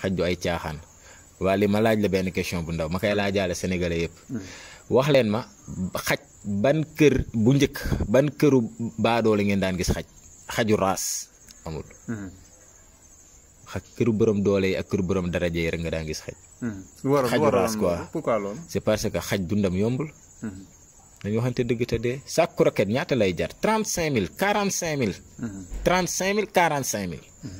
xajju ay tiaxan wa li ma laaj la ben question bu ndaw ma la jale sénégalais yépp wax len ma xaj ban kër bu ñëk ban këru baadoo la ngeen daan gis xaj xaju ras amul xaj këru borom doole ak këru borom daraaje yi rek nga daan gis xaj xaju ras quoi c'est parce que xaj dundam yombul dañu mhm. xanté dëgg té dé sakku raket ñaata lay jar 35000 45000 35000 45000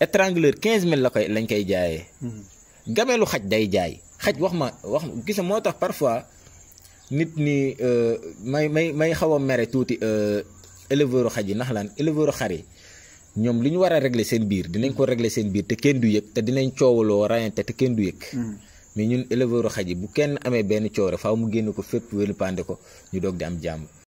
quinze 15000 la koy lañ koy jaayee. Mhm. gamelu xaj day jaay xaj wax ma wax gis moo tax parfois nit ñi euh, may may may xaw a mere tuuti euh, éleveur xaj yi ndax lan éleveur xar yi ñoom li ñu war a régler seen biir dinañ ko régler seen biir te kenn du yëg te dinañ coowaloo rayante te kenn du yëg. Mhm. mais ñun éleveur xaj yi bu kenn amee benn coow rek mu génne ko fépp wélu pande ko ñu doog di am jàmm.